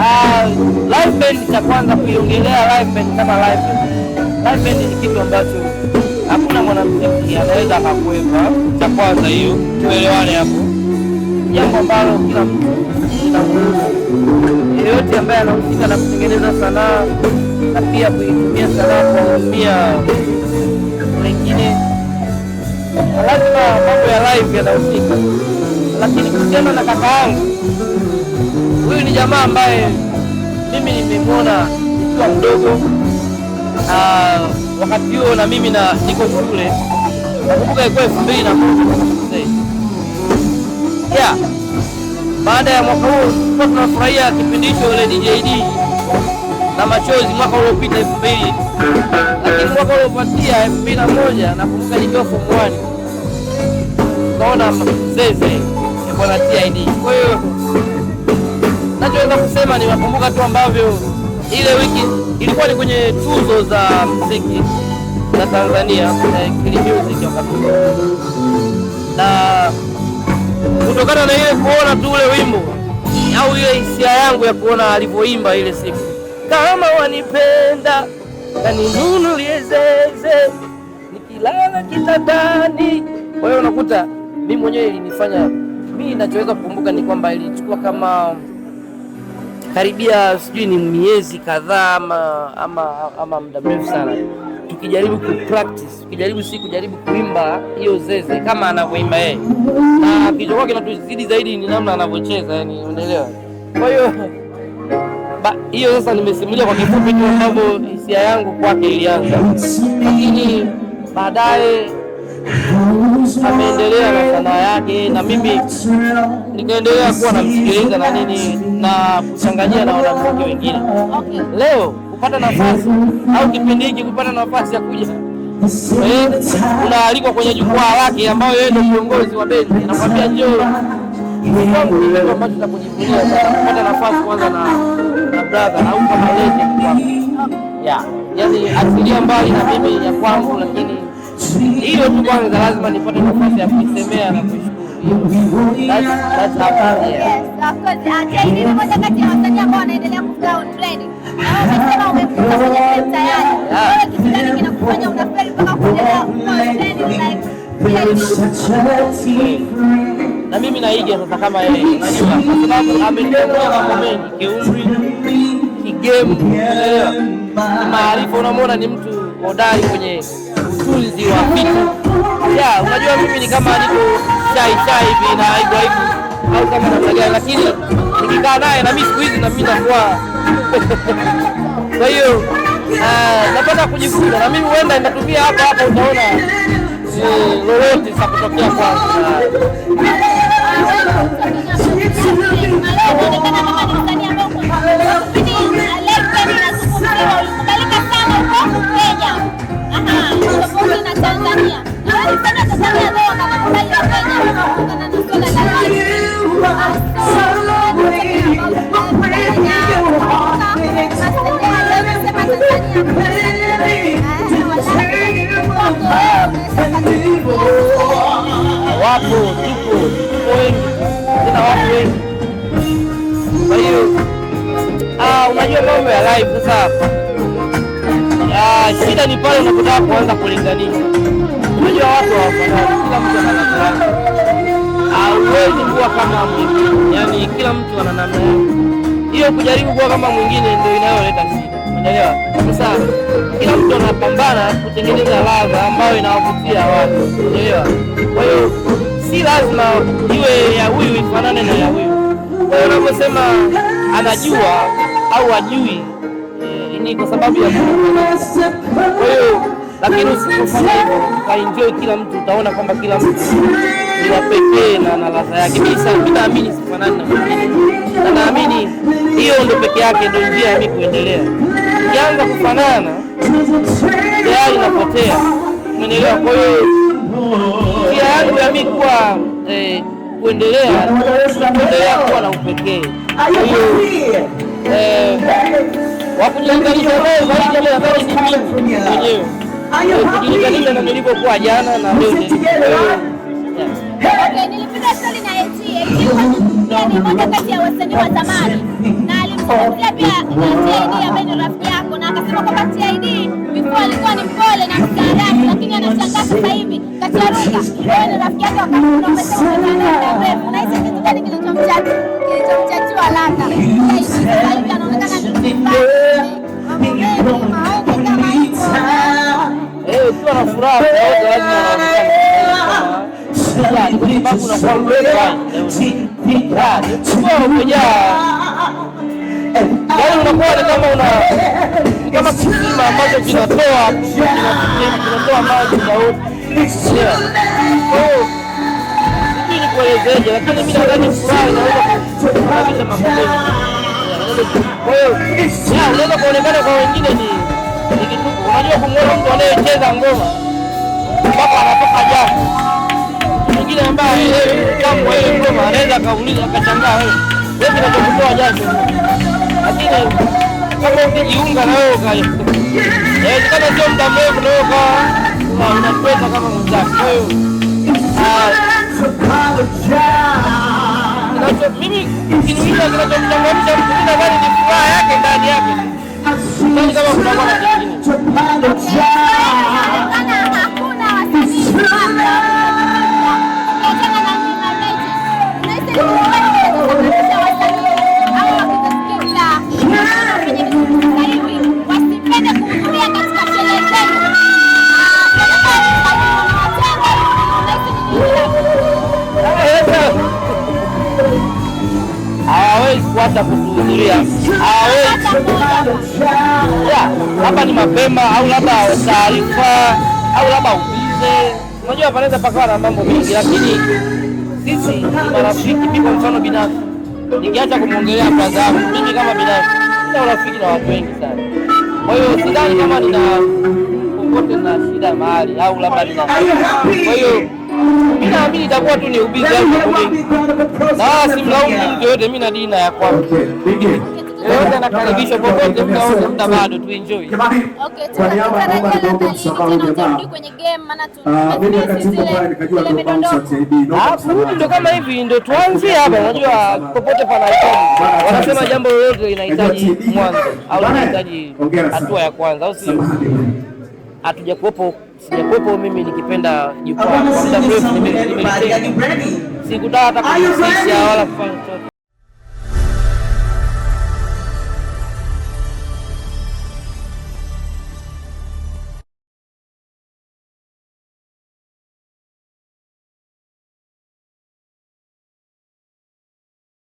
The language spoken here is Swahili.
Ah, live band cha kwanza kuiongelea live band kama live band. Live band ni kitu ambacho hakuna mwanamuziki anaweza akakwepa. Cha kwanza hiyo, tuelewane hapo, jambo ambalo kila mtu yeyote ambaye anahusika na kutengeneza sanaa na pia kuitumia sanaa kuwauzia wengine, lazima mambo ya live yanahusika lakini kusema na kaka yangu huyu, ni jamaa ambaye mimi nimemwona nikiwa mdogo, na wakati huo na mimi na niko shule, nakumbuka ilikuwa elfu mbili na yeah. Baada ya mwaka huo tulikuwa tunafurahia kipindi hicho Lady DJD na machozi mwaka uliopita elfu mbili, lakini mwaka uliopatia elfu mbili na moja nakumbuka nikiwa form one tukaona zeze bwana TID. Kwa hiyo nachoweza kusema ni wakumbuka tu ambavyo ile wiki ilikuwa ni kwenye tuzo za muziki za Tanzania eh, music wakati na kutokana na ile kuona tu ule wimbo au ile hisia yangu ya kuona alivyoimba ile siku, kama wanipenda kaninunulie zeze nikilala kitandani. Kwa hiyo unakuta mimi mwenyewe ilinifanya lakini nachoweza kukumbuka ni kwamba ilichukua kama karibia sijui ni miezi kadhaa ama, ama, ama muda mrefu sana tukijaribu ku practice tukijaribu si kujaribu kuimba hiyo zeze kama anavyoimba yeye, na kilichokuwa kinatuzidi zaidi ni namna anavyocheza, yani unaelewa. Kwa hiyo hiyo sasa nimesimulia kwa kifupi tu ambavyo hisia yangu kwake ilianza, lakini baadaye ameendelea na sanaa yake, na mimi nikaendelea kuwa namsikiliza na nini na kuchanganyia na wanamuziki wengine. Leo kupata nafasi au kipindi hiki kupata nafasi ya kuja eh, unaalikwa kwenye jukwaa lake, ambayo yeye ndio kiongozi wa bendi, anakuambia njoo ambacho nakujivunia sana kupata nafasi kwanza na na brother au kama lete kwa yani asilia mbali na mimi ya kwangu, lakini hiyo tu kwanza, lazima nipate nafasi ya kusemea na kuishukuru. Na mimi naiga sasa kama yeye, kwa sababu ametengua mambo mengi kiumri, kigemu, maarifa. Unamwona ni mtu hodari kwenye mwezi wa pili. ya unajua, mimi ni kama niko chai chai hivi na aibu aibu au kama namna gani, lakini nikikaa naye na mimi siku hizi na mimi nakuwa kwa hiyo ah, napenda kujifunza na mimi huenda nitatumia hapa hapa, utaona eh, lolote za kutokea kwangu. Wapo tuko tuko wengi tena, wapo wengi. Kwa hiyo ah, unajua mambo ya live sasa, ah, shida ni pale unapotaka kuanza kulinganisha. Unajua watu kila mtu ana hauwezi ah, kuwa kama mwingine, yaani kila mtu ana namna yake. Hiyo kujaribu kuwa kama mwingine ndio inayoleta shida unaelewa? Sasa kila mtu anapambana kutengeneza ladha ambayo inawavutia watu, unaelewa? Kwa hiyo si lazima iwe ya huyu ifanane na ya huyu. Kwa hiyo unaposema anajua au ajui eh, ni kwa sababu ya kwa hiyo lakini usipofanya hivyo ukaenjoy, kila mtu utaona kwamba kila mtu ni wa pekee na na ladha yake. Mimi naamini sifanani na mwingine, na naamini hiyo ndio peke yake ndio njia ya mimi kuendelea ikianza kufanana tayari inapotea, umeelewa? Kwa hiyo njia yangu ya mimi kuwa eh, kuendelea kuendelea kuwa na upekee, hiyo hiyo eh, wakujilinganisha nayo zaidi yale ambayo ni mimi mwenyewe kujilinganisha na nilivyokuwa jana na leo. Eh, nilipiga stori na Eti ni moja kati ya wasanii wa zamani pia pia TID ambaye ni rafiki yako, na akasema kwamba TID before alikuwa ni mpole na mstaarabu, lakini anashangaa sasa hivi kacharuka. Wewe ni rafiki yake wakati na hizi kitu gani kilichomchaji kilichomchajiwa langa sasa hivi anaonekana na furaha kwa yaani unakuwa kama una kama kisima ambacho kinatoa kinatoa maji sauti kuelezeje lakini mimi nadhani furaha inaweza kusababisha makosa. Kwa hiyo unaweza kuonekana kwa wengine ni ni kituko. Unajua, kumwona mtu anayecheza ngoma mpaka anatoka jasho, mwingine ambaye haelewi eh, utamu wa ile ngoma anaweza akauliza akashangaa, eh, wewe kinachokutoa jasho lakini kama ukijiunga nawe eh, kama sio muda mrefu nawe ukawa unapenda kama mwenzako. Kwa hiyo ah, mimi kinuia kinachomchangamsha mtu mi nadhani ni furaha yake ndani yake, ani kama kunakuwa na kingine hata kutuhudhuria hapa ni mapema, au labda taarifa au labda ubize. Unajua panaweza pakawa na mambo mengi, lakini sisi marafiki mimi, kwa mfano binafsi, nikiacha kumwongelea braza yangu. Mimi kama binafsi sina urafiki na watu wengi sana, kwa hiyo sidhani kama nina kokote na shida mahali au labda nina, kwa hiyo mimi naamini itakuwa tu ni ubizi au mambo mengi wala simlaumu mtu yoyote, mimi na dini ya kwangu. Yote anakaribishwa popote, muda wote, muda bado tu enjoy. Okay, tunatarajia ah, ah, ndio kama hivi ndio tuanze hapa, unajua popote pana wanasema jambo lolote linahitaji mwanzo au linahitaji hatua ya kwanza, au si hatujakuwepo Japokuwa mimi nikipenda jukwaa kwa muda mrefu, sikutaka hata kuhusisha wala kufanya chochote.